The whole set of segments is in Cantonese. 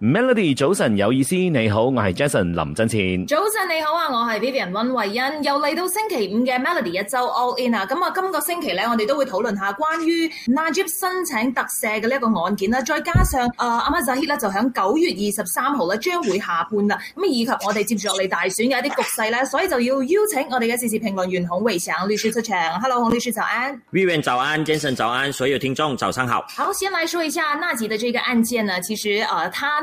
Melody，早晨有意思，你好，我係 Jason 林振前。早晨你好啊，我係 Vivian 溫慧欣，又嚟到星期五嘅 Melody 一周 All In 啊，咁啊今個星期咧，我哋都會討論下關於納吉申請特赦嘅呢一個案件啦，再加上誒阿馬扎希咧就響九月二十三號咧將會下判啦，咁、啊、以及我哋接住落嚟大選嘅一啲局勢咧，所以就要邀請我哋嘅時事評論員孔維祥律師出場。Hello，孔律師早安。Vivian 早安，Jason 早安，所有聽眾早上好。好，先來說一下納吉的這個案件呢，其實誒他。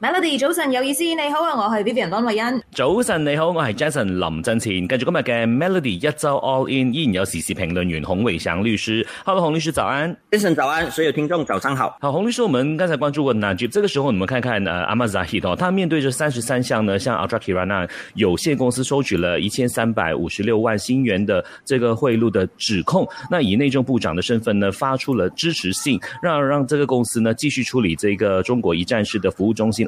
Melody 早晨有意思，你好啊，我係 Vivian 安麗欣。早晨你好，我係 Jason 林振前。跟住今日嘅 Melody 一周 All In，依然有時事評論員洪偉祥律師。Hello，洪律師早安，Jason 早安，所有聽眾早上好。好，洪律師，我們剛才關注過 Najib，這個時候你們看看，Ahmad Zahid 他面對這三十三項呢，向 Ultra Kirana 有限公司收取了一千三百五十六萬新元的這個賄賂的指控，那以內政部長的身份呢，發出了支持信，讓讓這個公司呢繼續處理這個中國一站式的服務中心。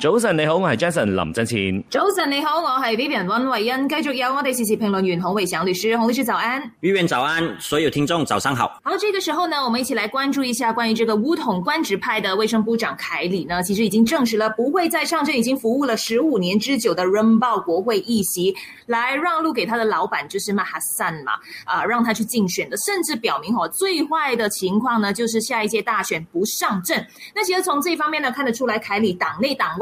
早晨你好，我係 Jason 林振前。早晨你好，我係 Vivian 溫慧恩，繼續有我哋時事評論員洪偉祥律師，洪律師早安。Vivian 早安，所有聽眾早上好。好，這個時候呢，我們一起來關注一下關於這個巫統官職派的衛生部長凱里呢，其實已經證實了不會再上陣，已經服務了十五年之久的 Rembau 國會議席，來讓路給他的老闆就是馬哈散嘛，啊，讓他去競選的，甚至表明哦、啊，最壞的情況呢，就是下一屆大選不上陣。那其實從這一方面呢，看得出來凱里黨內黨外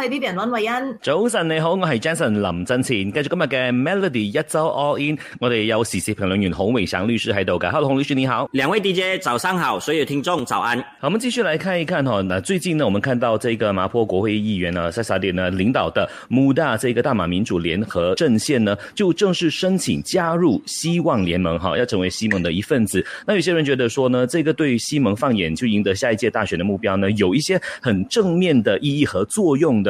係呢邊人温慧欣，早晨你好，我係 Jason 林振前，繼續今日嘅 Melody 一周 All In，我哋有時事評論員洪維祥律師喺度嘅，Hello，洪律師你好，兩位 DJ 早上好，所有聽眾早安。好，我們繼續來看一看。哈，那最近呢，我們看到這個麻坡國會議員呢，賽沙迪呢領導的穆大，這個大馬民主聯合陣線呢，就正式申請加入希望聯盟，哈，要成為希盟的一份子。那有些人覺得說呢，這個對希盟放眼去贏得下一屆大選的目標呢，有一些很正面的意義和作用的。